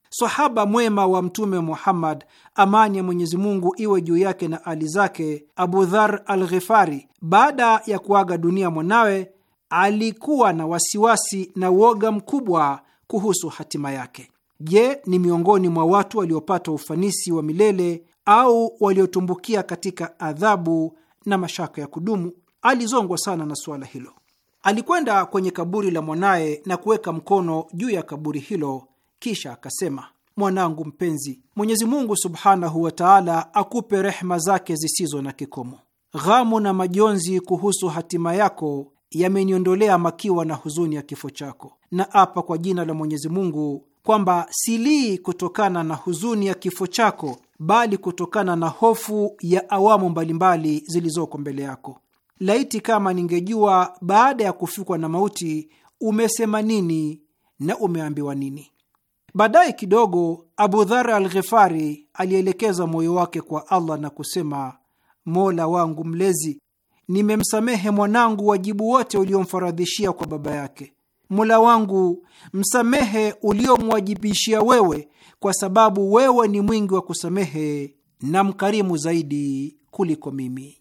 S2: Sahaba mwema wa Mtume Muhammad, amani ya Mwenyezi Mungu iwe juu yake na ali zake, Abu Dhar al Ghifari, baada ya kuaga dunia mwanawe, alikuwa na wasiwasi na uoga mkubwa kuhusu hatima yake. Je, ni miongoni mwa watu waliopata ufanisi wa milele au waliotumbukia katika adhabu na mashaka ya kudumu? Alizongwa sana na suala hilo. Alikwenda kwenye kaburi la mwanaye na kuweka mkono juu ya kaburi hilo, kisha akasema: Mwanangu mpenzi, Mwenyezi Mungu subhanahu wa taala akupe rehema zake zisizo na kikomo. Ghamu na majonzi kuhusu hatima yako yameniondolea makiwa na huzuni ya kifo chako, na apa kwa jina la Mwenyezi Mungu kwamba silii kutokana na huzuni ya kifo chako, bali kutokana na hofu ya awamu mbalimbali zilizoko mbele yako laiti kama ningejua baada ya kufikwa na mauti umesema nini na umeambiwa nini. Baadaye kidogo, Abu Dhar al Ghifari alielekeza moyo wake kwa Allah na kusema, Mola wangu Mlezi, nimemsamehe mwanangu wajibu wote uliomfaradhishia kwa baba yake. Mola wangu, msamehe uliomwajibishia wewe, kwa sababu wewe ni mwingi wa kusamehe na mkarimu zaidi kuliko mimi.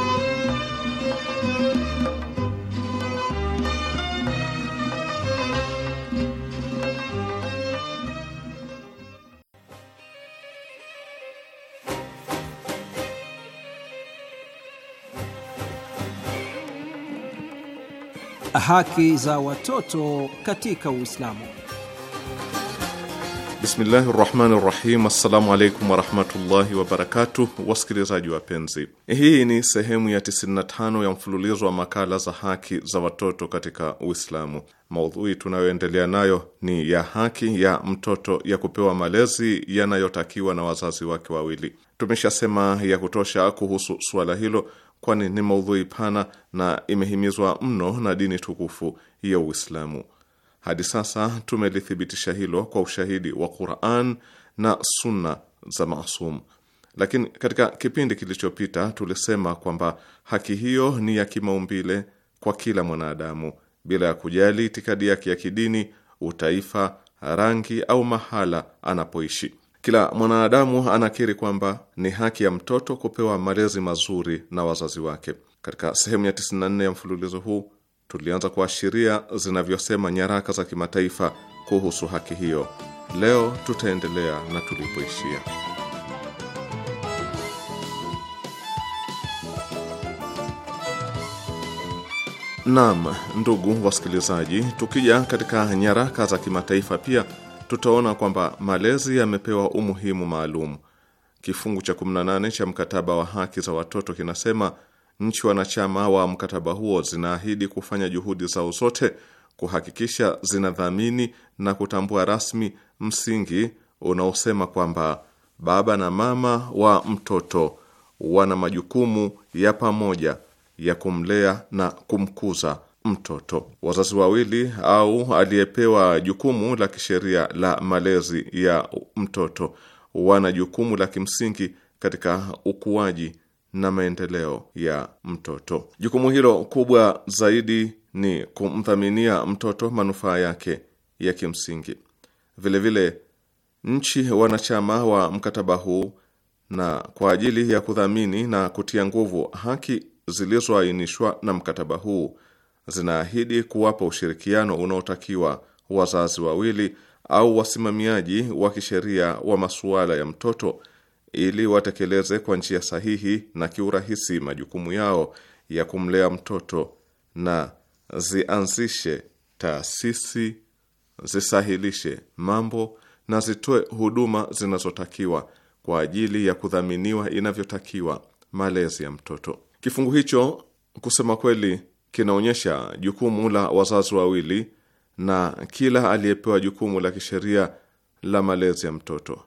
S2: Haki za watoto katika Uislamu.
S3: Bismillahi rahmani rahim. Assalamu alaikum warahmatullahi wabarakatuh. Wasikilizaji wapenzi, hii ni sehemu ya 95 ya mfululizo wa makala za haki za watoto katika Uislamu. Maudhui tunayoendelea nayo ni ya haki ya mtoto ya kupewa malezi yanayotakiwa na wazazi wake wawili. Tumeshasema ya kutosha kuhusu suala hilo kwani ni maudhui pana na imehimizwa mno na dini tukufu ya Uislamu. Hadi sasa tumelithibitisha hilo kwa ushahidi wa Quran na sunna za masum. Lakini katika kipindi kilichopita tulisema kwamba haki hiyo ni ya kimaumbile kwa kila mwanadamu bila ya kujali itikadi yake ya kidini, utaifa, rangi au mahala anapoishi. Kila mwanadamu anakiri kwamba ni haki ya mtoto kupewa malezi mazuri na wazazi wake. Katika sehemu ya 94 ya mfululizo huu tulianza kuashiria zinavyosema nyaraka za kimataifa kuhusu haki hiyo. Leo tutaendelea na tulipoishia. Naam, ndugu wasikilizaji, tukija katika nyaraka za kimataifa pia tutaona kwamba malezi yamepewa umuhimu maalum. Kifungu cha 18 cha mkataba wa haki za watoto kinasema nchi wanachama wa mkataba huo zinaahidi kufanya juhudi zao zote kuhakikisha zinadhamini na kutambua rasmi msingi unaosema kwamba baba na mama wa mtoto wana majukumu ya pamoja ya kumlea na kumkuza mtoto. Wazazi wawili au aliyepewa jukumu la kisheria la malezi ya mtoto wana jukumu la kimsingi katika ukuaji na maendeleo ya mtoto. Jukumu hilo kubwa zaidi ni kumdhaminia mtoto manufaa yake ya kimsingi. Vilevile vile, nchi wanachama wa mkataba huu na kwa ajili ya kudhamini na kutia nguvu haki zilizoainishwa na mkataba huu zinaahidi kuwapa ushirikiano unaotakiwa wazazi wawili au wasimamiaji wa kisheria wa masuala ya mtoto ili watekeleze kwa njia sahihi na kiurahisi majukumu yao ya kumlea mtoto na zianzishe taasisi, zisahilishe mambo na zitoe huduma zinazotakiwa kwa ajili ya kudhaminiwa inavyotakiwa malezi ya mtoto. Kifungu hicho kusema kweli kinaonyesha jukumu la wazazi wawili na kila aliyepewa jukumu la kisheria la malezi ya mtoto.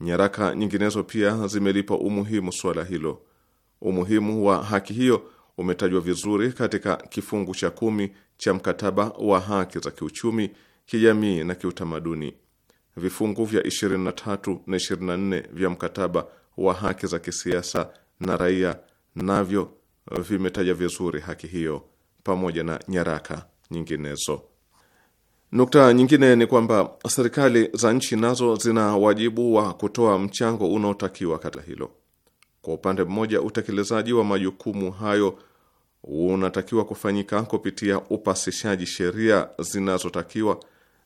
S3: Nyaraka nyinginezo pia zimelipa umuhimu suala hilo. Umuhimu wa haki hiyo umetajwa vizuri katika kifungu cha kumi cha mkataba wa haki za kiuchumi, kijamii na kiutamaduni. Vifungu vya 23 na 24 vya mkataba wa haki za kisiasa na raia navyo vimetaja vizuri haki hiyo pamoja na nyaraka nyinginezo. Nukta nyingine ni kwamba serikali za nchi nazo zina wajibu wa kutoa mchango unaotakiwa katika hilo. Kwa upande mmoja, utekelezaji wa majukumu hayo unatakiwa kufanyika kupitia upasishaji sheria zinazotakiwa,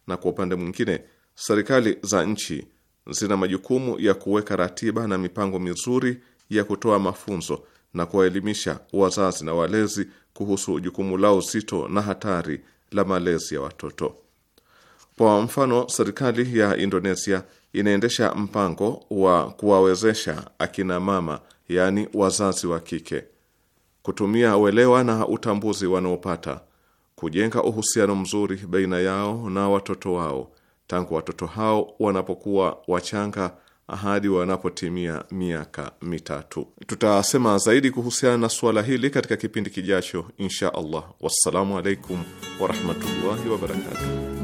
S3: na kwa upande mwingine, serikali za nchi zina majukumu ya kuweka ratiba na mipango mizuri ya kutoa mafunzo na kuwaelimisha wazazi na walezi kuhusu jukumu lao zito na hatari la malezi ya watoto. Kwa mfano, serikali ya Indonesia inaendesha mpango wa kuwawezesha akina mama, yaani wazazi wa kike, kutumia uelewa na utambuzi wanaopata kujenga uhusiano mzuri baina yao na watoto wao tangu watoto hao wanapokuwa wachanga hadi wanapotimia miaka mitatu. Tutasema zaidi kuhusiana na suala hili katika kipindi kijacho, insha Allah. Wassalamu alaikum warahmatullahi wabarakatuh.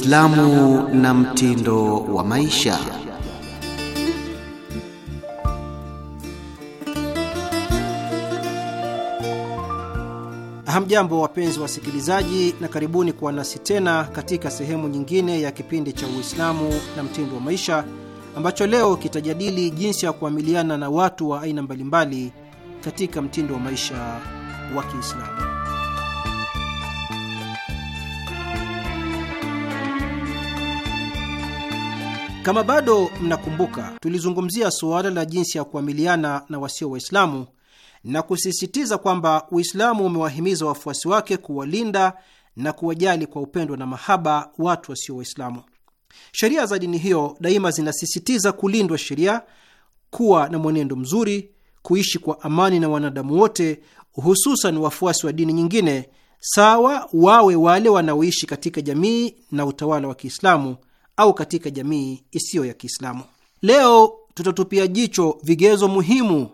S2: Uislamu na mtindo wa maisha. Hamjambo, wapenzi wasikilizaji, na karibuni kuwa nasi tena katika sehemu nyingine ya kipindi cha Uislamu na mtindo wa maisha ambacho leo kitajadili jinsi ya kuamiliana na watu wa aina mbalimbali katika mtindo wa maisha wa Kiislamu. Kama bado mnakumbuka, tulizungumzia suala la jinsi ya kuamiliana na wasio Waislamu na kusisitiza kwamba Uislamu umewahimiza wafuasi wake kuwalinda na kuwajali kwa upendo na mahaba watu wasio Waislamu. Sheria za dini hiyo daima zinasisitiza kulindwa sheria, kuwa na mwenendo mzuri, kuishi kwa amani na wanadamu wote, hususan wafuasi wa dini nyingine, sawa wawe wale wanaoishi katika jamii na utawala wa Kiislamu au katika jamii isiyo ya Kiislamu. Leo tutatupia jicho vigezo muhimu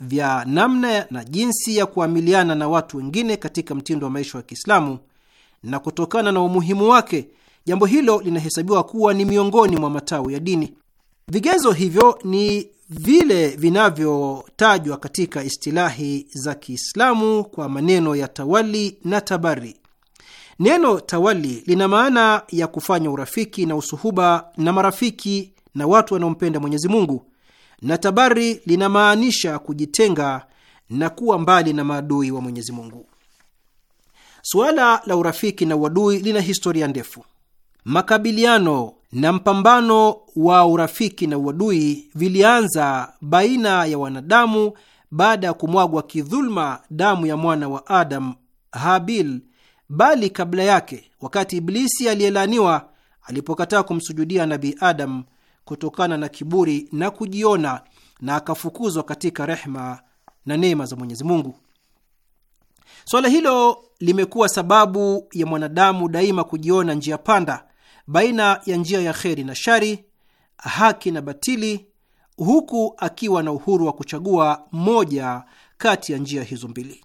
S2: vya namna na jinsi ya kuamiliana na watu wengine katika mtindo wa maisha wa Kiislamu, na kutokana na umuhimu wake, jambo hilo linahesabiwa kuwa ni miongoni mwa matawi ya dini. Vigezo hivyo ni vile vinavyotajwa katika istilahi za Kiislamu kwa maneno ya tawali na tabari, Neno tawali lina maana ya kufanya urafiki na usuhuba na marafiki na watu wanaompenda Mwenyezi Mungu, na tabari linamaanisha kujitenga na kuwa mbali na maadui wa Mwenyezi Mungu. Suala la urafiki na uadui lina historia ndefu. Makabiliano na mpambano wa urafiki na uadui vilianza baina ya wanadamu baada ya kumwagwa kidhuluma damu ya mwana wa Adam Habil bali kabla yake, wakati Iblisi aliyelaaniwa alipokataa kumsujudia Nabii Adam kutokana na kiburi na kujiona, na akafukuzwa katika rehma na neema za Mwenyezi Mungu. Swala hilo limekuwa sababu ya mwanadamu daima kujiona njia panda baina ya njia ya kheri na shari, haki na batili, huku akiwa na uhuru wa kuchagua moja kati ya njia hizo mbili.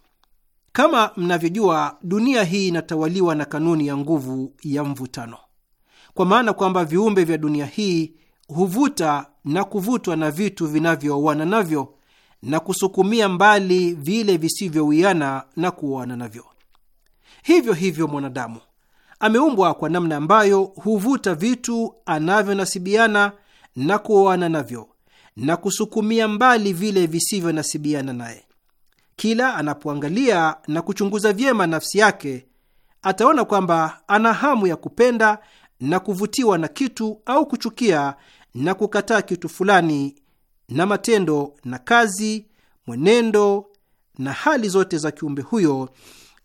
S2: Kama mnavyojua, dunia hii inatawaliwa na kanuni ya nguvu ya mvutano, kwa maana kwamba viumbe vya dunia hii huvuta na kuvutwa na vitu vinavyooana navyo na kusukumia mbali vile visivyowiana na kuoana navyo. Hivyo hivyo mwanadamu ameumbwa kwa namna ambayo huvuta vitu anavyonasibiana na kuoana navyo na kusukumia mbali vile visivyonasibiana naye. Kila anapoangalia na kuchunguza vyema nafsi yake, ataona kwamba ana hamu ya kupenda na kuvutiwa na kitu au kuchukia na kukataa kitu fulani, na matendo na kazi, mwenendo na hali zote za kiumbe huyo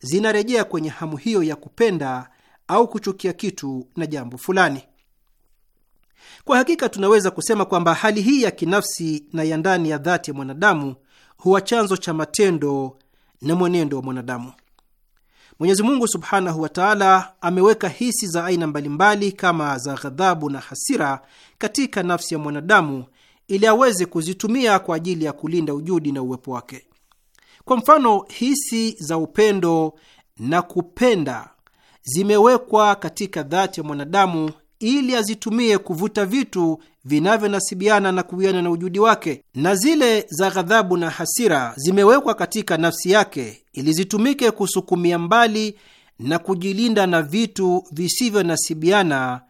S2: zinarejea kwenye hamu hiyo ya kupenda au kuchukia kitu na jambo fulani. Kwa hakika tunaweza kusema kwamba hali hii ya kinafsi na ya ndani ya dhati ya mwanadamu huwa chanzo cha matendo na mwenendo wa mwanadamu. Mwenyezi Mungu subhanahu wa taala ameweka hisi za aina mbalimbali kama za ghadhabu na hasira katika nafsi ya mwanadamu ili aweze kuzitumia kwa ajili ya kulinda ujudi na uwepo wake. Kwa mfano, hisi za upendo na kupenda zimewekwa katika dhati ya mwanadamu ili azitumie kuvuta vitu vinavyonasibiana na kuwiana na ujudi wake, na zile za ghadhabu na hasira zimewekwa katika nafsi yake ili zitumike kusukumia mbali na kujilinda na vitu visivyonasibiana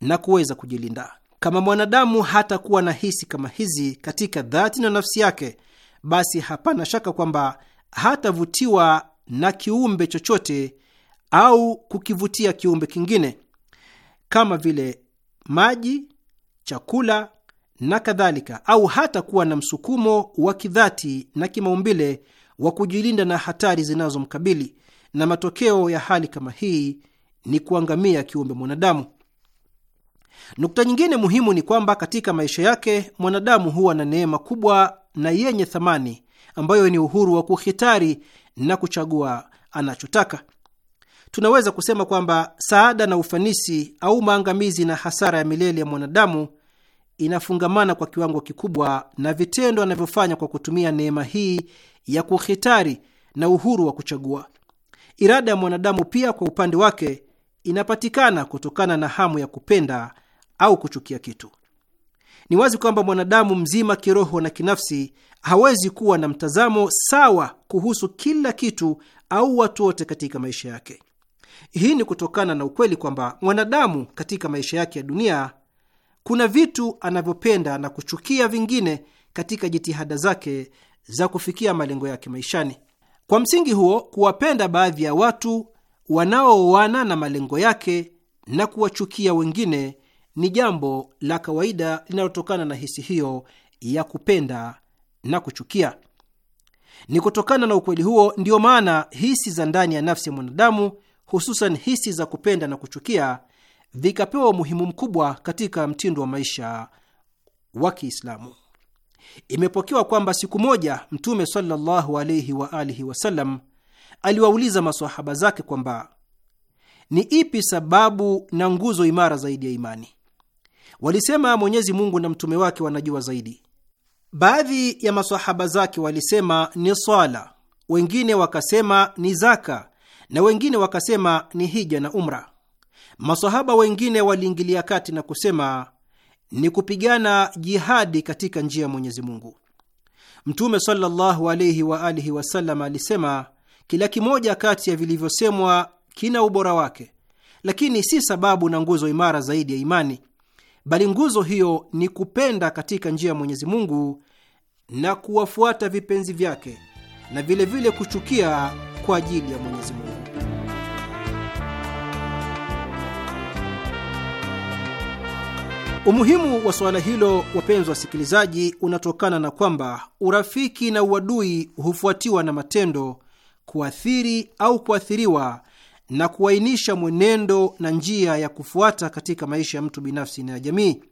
S2: na kuweza kujilinda. Kama mwanadamu hatakuwa na hisi kama hizi katika dhati na nafsi yake, basi hapana shaka kwamba hatavutiwa na kiumbe chochote au kukivutia kiumbe kingine kama vile maji, chakula na kadhalika, au hata kuwa na msukumo wa kidhati na kimaumbile wa kujilinda na hatari zinazomkabili, na matokeo ya hali kama hii ni kuangamia kiumbe mwanadamu. Nukta nyingine muhimu ni kwamba katika maisha yake mwanadamu huwa na neema kubwa na yenye thamani ambayo ni uhuru wa kuhitari na kuchagua anachotaka. Tunaweza kusema kwamba saada na ufanisi au maangamizi na hasara ya milele ya mwanadamu inafungamana kwa kiwango kikubwa na vitendo anavyofanya kwa kutumia neema hii ya kuhitari na uhuru wa kuchagua. Irada ya mwanadamu pia kwa upande wake inapatikana kutokana na hamu ya kupenda au kuchukia kitu. Ni wazi kwamba mwanadamu mzima kiroho na kinafsi hawezi kuwa na mtazamo sawa kuhusu kila kitu au watu wote katika maisha yake. Hii ni kutokana na ukweli kwamba mwanadamu katika maisha yake ya dunia kuna vitu anavyopenda na kuchukia vingine katika jitihada zake za kufikia malengo yake maishani. Kwa msingi huo, kuwapenda baadhi ya watu wanaooana na malengo yake na kuwachukia wengine ni jambo la kawaida linalotokana na hisi hiyo ya kupenda na kuchukia. Ni kutokana na ukweli huo ndiyo maana hisi za ndani ya nafsi ya mwanadamu, hususan hisi za kupenda na kuchukia, vikapewa umuhimu mkubwa katika mtindo wa maisha wa Kiislamu. Imepokewa kwamba siku moja Mtume sallallahu alaihi wa alihi wasallam aliwauliza masahaba zake kwamba ni ipi sababu na nguzo imara zaidi ya imani? Walisema Mwenyezi Mungu na mtume wake wanajua zaidi. Baadhi ya masahaba zake walisema ni swala, wengine wakasema ni zaka, na wengine wakasema ni hija na umra. Masahaba wengine waliingilia kati na kusema ni kupigana jihadi katika njia ya Mwenyezi Mungu. Mtume sallallahu alayhi wa alihi wasallam alisema, kila kimoja kati ya vilivyosemwa kina ubora wake, lakini si sababu na nguzo imara zaidi ya imani, bali nguzo hiyo ni kupenda katika njia ya Mwenyezi Mungu na kuwafuata vipenzi vyake na vilevile vile kuchukia kwa ajili ya Mwenyezi Mungu. Umuhimu wa suala hilo, wapenzi wasikilizaji, unatokana na kwamba urafiki na uadui hufuatiwa na matendo, kuathiri au kuathiriwa, na kuainisha mwenendo na njia ya kufuata katika maisha ya mtu binafsi na ya jamii.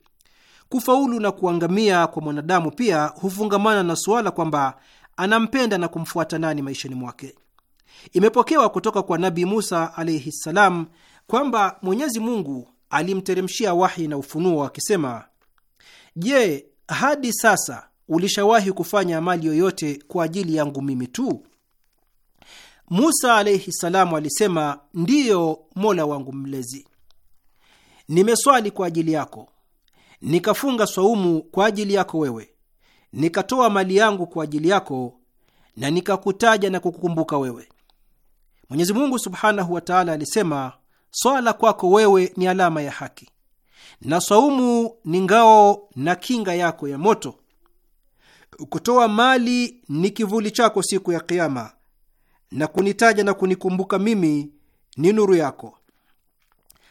S2: Kufaulu na kuangamia kwa mwanadamu pia hufungamana na suala kwamba anampenda na kumfuata nani maishani mwake. Imepokewa kutoka kwa Nabi Musa alaihi ssalam kwamba Mwenyezi Mungu alimteremshia wahi na ufunuo akisema, Je, hadi sasa ulishawahi kufanya amali yoyote kwa ajili yangu mimi tu? Musa alaihi salamu alisema, ndiyo Mola wangu Mlezi, nimeswali kwa ajili yako, nikafunga swaumu kwa ajili yako wewe, nikatoa mali yangu kwa ajili yako, na nikakutaja na kukukumbuka wewe. Mwenyezi Mungu subhanahu wa taala alisema swala kwako wewe ni alama ya haki, na saumu ni ngao na kinga yako ya moto. Kutoa mali ni kivuli chako siku ya Kiama, na kunitaja na kunikumbuka mimi ni nuru yako.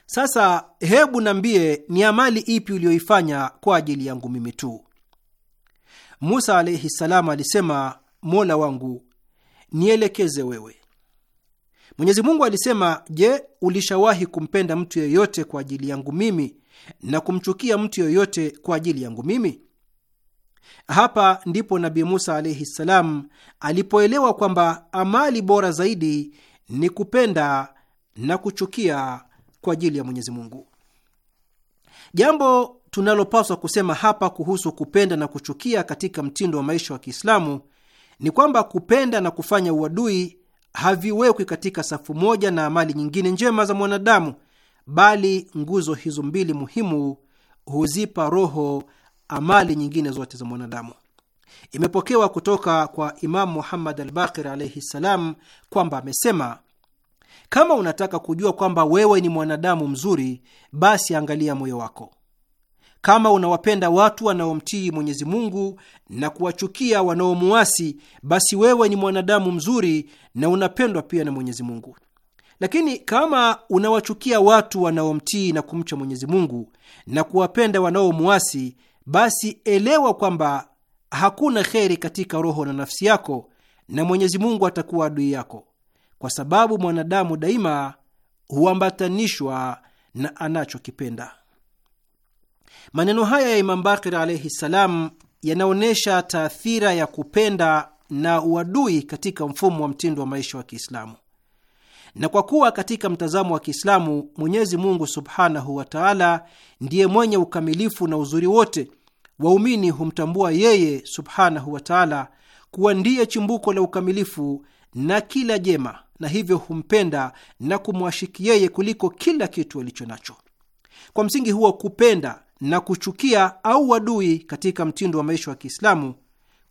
S2: Sasa hebu nambie, ni amali ipi uliyoifanya kwa ajili yangu mimi tu? Musa alaihi salamu alisema, mola wangu nielekeze wewe. Mwenyezi Mungu alisema, je, ulishawahi kumpenda mtu yeyote kwa ajili yangu mimi na kumchukia mtu yeyote kwa ajili yangu mimi? Hapa ndipo nabi Musa alaihi ssalam alipoelewa kwamba amali bora zaidi ni kupenda na kuchukia kwa ajili ya Mwenyezi Mungu. Jambo tunalopaswa kusema hapa kuhusu kupenda na kuchukia katika mtindo wa maisha wa Kiislamu ni kwamba kupenda na kufanya uadui haviwekwi katika safu moja na amali nyingine njema za mwanadamu, bali nguzo hizo mbili muhimu huzipa roho amali nyingine zote za mwanadamu. Imepokewa kutoka kwa Imamu Muhammad Albakir alaihi ssalam kwamba amesema, kama unataka kujua kwamba wewe ni mwanadamu mzuri, basi angalia moyo wako. Kama unawapenda watu wanaomtii Mwenyezi Mungu na kuwachukia wanaomuasi, basi wewe ni mwanadamu mzuri na unapendwa pia na Mwenyezi Mungu. Lakini kama unawachukia watu wanaomtii na kumcha Mwenyezi Mungu na kuwapenda wanaomuasi, basi elewa kwamba hakuna kheri katika roho na nafsi yako, na Mwenyezi Mungu atakuwa adui yako, kwa sababu mwanadamu daima huambatanishwa na anachokipenda. Maneno haya ya Imam Bakir alaihi ssalam yanaonyesha taathira ya kupenda na uadui katika mfumo wa mtindo wa maisha wa Kiislamu, na kwa kuwa katika mtazamo wa Kiislamu Mwenyezi Mungu subhanahu wa taala ndiye mwenye ukamilifu na uzuri wote, waumini humtambua yeye subhanahu wa taala kuwa ndiye chimbuko la ukamilifu na kila jema, na hivyo humpenda na kumwashiki yeye kuliko kila kitu alicho nacho. Kwa msingi huo kupenda na kuchukia au wadui katika mtindo wa maisha wa Kiislamu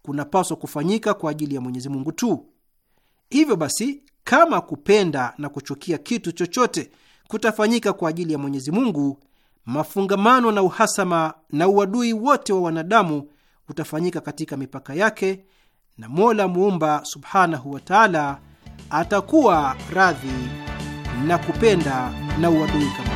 S2: kunapaswa kufanyika kwa ajili ya Mwenyezi Mungu tu. Hivyo basi, kama kupenda na kuchukia kitu chochote kutafanyika kwa ajili ya Mwenyezi Mungu, mafungamano na uhasama na uadui wote wa wanadamu utafanyika katika mipaka yake, na Mola Muumba subhanahu wa taala atakuwa radhi na kupenda na uadui kama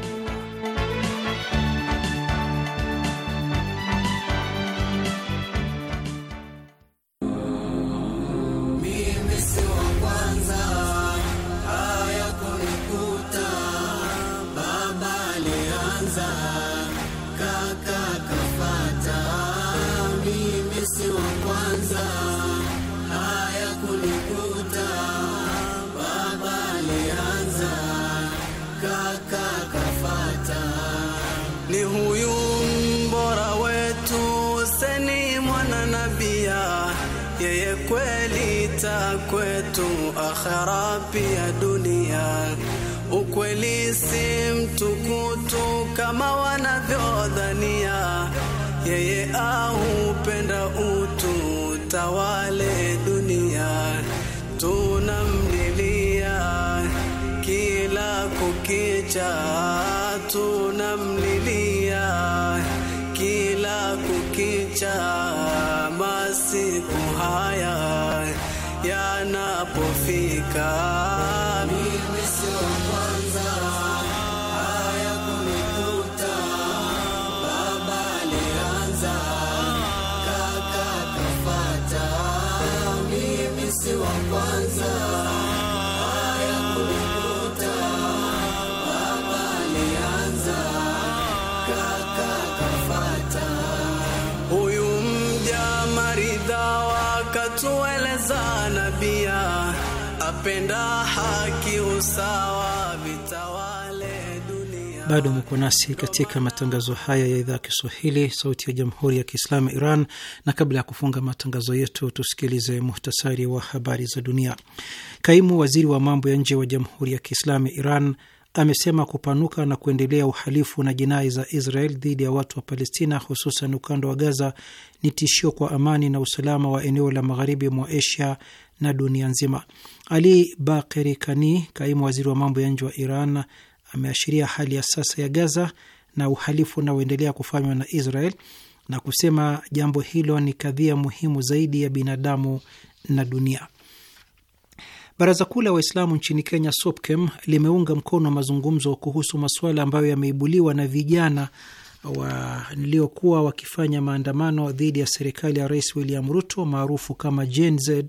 S5: akhera pia dunia. Ukweli si mtukutu kama wanavyodhania, yeye aupe God.
S2: Bado mko nasi katika matangazo haya ya idhaa ya Kiswahili, sauti ya jamhuri ya kiislamu Iran. Na kabla ya kufunga matangazo yetu, tusikilize muhtasari wa habari za dunia. Kaimu waziri wa mambo ya nje wa jamhuri ya kiislamu Iran amesema kupanuka na kuendelea uhalifu na jinai za Israel dhidi ya watu wa Palestina, hususan ukanda wa Gaza, ni tishio kwa amani na usalama wa eneo la magharibi mwa Asia na dunia nzima. Ali Bakeri Kani, kaimu waziri wa mambo ya nje wa Iran, ameashiria hali ya sasa ya Gaza na uhalifu unaoendelea kufanywa na Israel na kusema jambo hilo ni kadhia muhimu zaidi ya binadamu na dunia. Baraza Kuu la Waislamu nchini Kenya, SOPKEM, limeunga mkono mazungumzo kuhusu masuala ambayo yameibuliwa na vijana waliokuwa wakifanya maandamano dhidi ya serikali ya Rais William Ruto maarufu kama Gen Z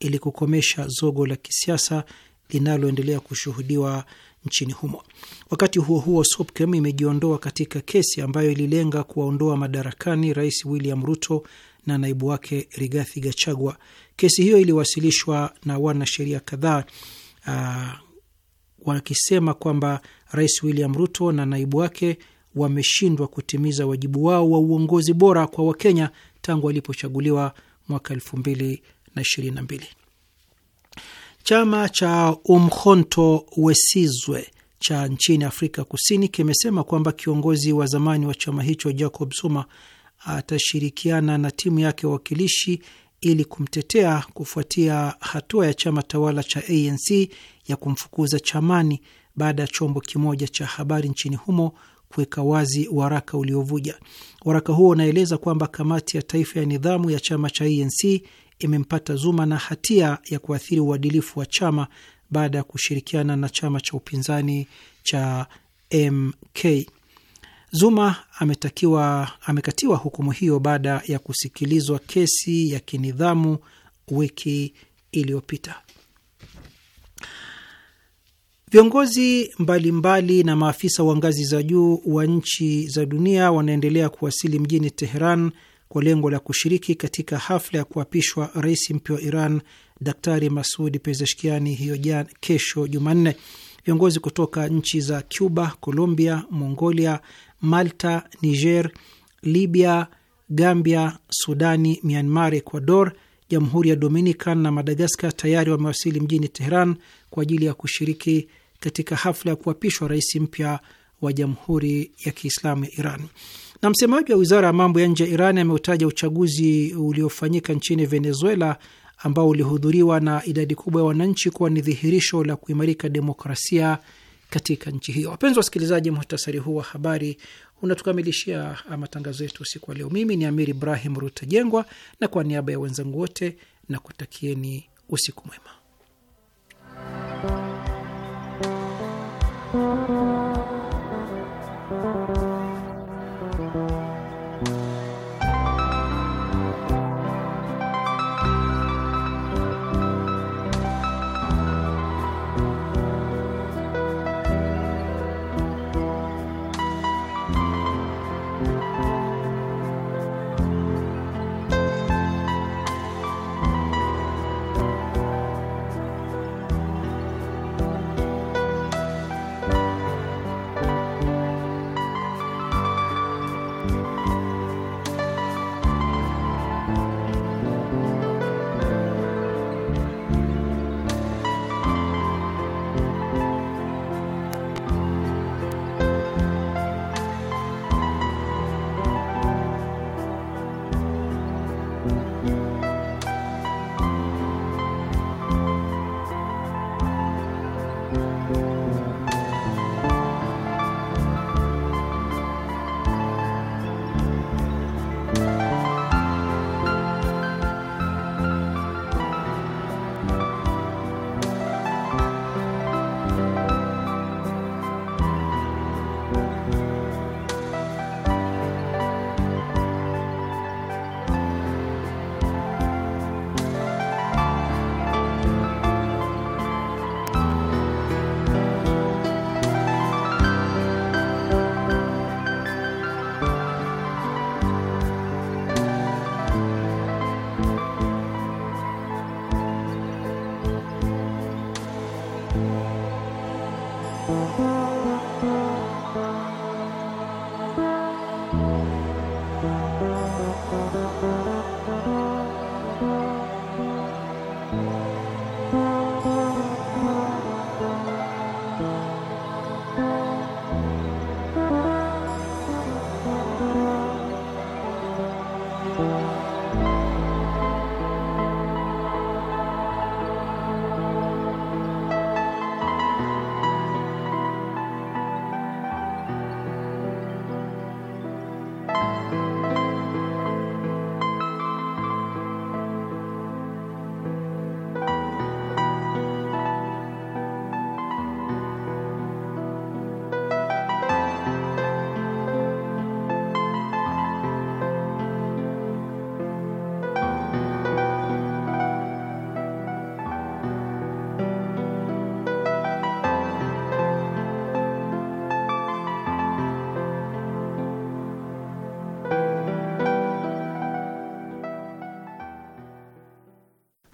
S2: ili kukomesha zogo la kisiasa linaloendelea kushuhudiwa nchini humo. Wakati huo huo, SOPKEM imejiondoa katika kesi ambayo ililenga kuwaondoa madarakani Rais William Ruto na naibu wake Rigathi Gachagua. Kesi hiyo iliwasilishwa na wanasheria kadhaa uh, wakisema kwamba Rais William Ruto na naibu wake wameshindwa kutimiza wajibu wao wa uongozi bora kwa Wakenya tangu alipochaguliwa mwaka elfu mbili na ishirini na mbili. Chama cha Umkhonto Wesizwe cha nchini Afrika Kusini kimesema kwamba kiongozi wa zamani wa chama hicho Jacob Zuma atashirikiana na timu yake wawakilishi ili kumtetea kufuatia hatua ya chama tawala cha ANC ya kumfukuza chamani baada ya chombo kimoja cha habari nchini humo kuweka wazi waraka uliovuja. Waraka huo unaeleza kwamba kamati ya taifa ya nidhamu ya chama cha ANC imempata Zuma na hatia ya kuathiri uadilifu wa chama baada ya kushirikiana na chama cha upinzani cha MK. Zuma ametakiwa, amekatiwa hukumu hiyo baada ya kusikilizwa kesi ya kinidhamu wiki iliyopita. Viongozi mbalimbali mbali na maafisa wa ngazi za juu wa nchi za dunia wanaendelea kuwasili mjini Teheran kwa lengo la kushiriki katika hafla ya kuapishwa rais mpya wa Iran Daktari Masudi Pezeshkiani hiyo jana kesho Jumanne. Viongozi kutoka nchi za Cuba, Colombia, Mongolia, Malta, Niger, Libya, Gambia, Sudani, Myanmar, Ecuador, Jamhuri ya Dominican na Madagaskar tayari wamewasili mjini Teheran kwa ajili ya kushiriki katika hafla ya kuapishwa rais mpya wa Jamhuri ya Kiislamu ya Iran. Na msemaji wa wizara ya mambo ya nje ya Iran ameutaja uchaguzi uliofanyika nchini Venezuela ambao ulihudhuriwa na idadi kubwa ya wananchi kuwa ni dhihirisho la kuimarika demokrasia katika nchi hiyo. Wapenzi wa wasikilizaji, muhtasari huu wa habari unatukamilishia matangazo yetu usiku wa leo. Mimi ni Amir Ibrahim Rutajengwa, na kwa niaba ya wenzangu wote na kutakieni usiku mwema.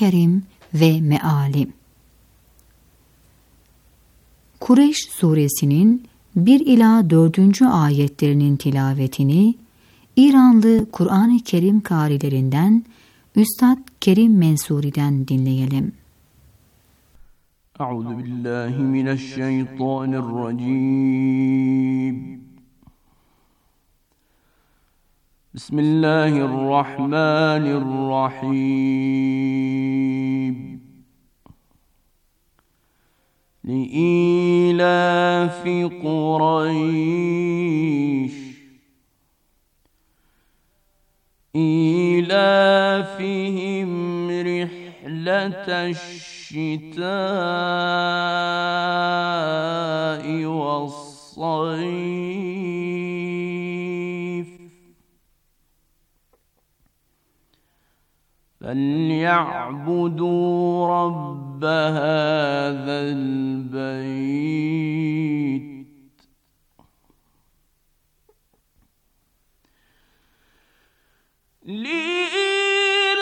S1: Kerim ve Meali Kureyş suresinin 1 ila 4. ayetlerinin tilavetini İranlı Kur'an-ı Kerim karilerinden Üstad Kerim Mensuri'den dinleyelim. Euzu billahi mineşşeytanirracim. بسم الله الرحمن الرحيم لإيلاف قريش إيلافهم رحلة الشتاء والصيف فليعبدوا رب هذا البيت لي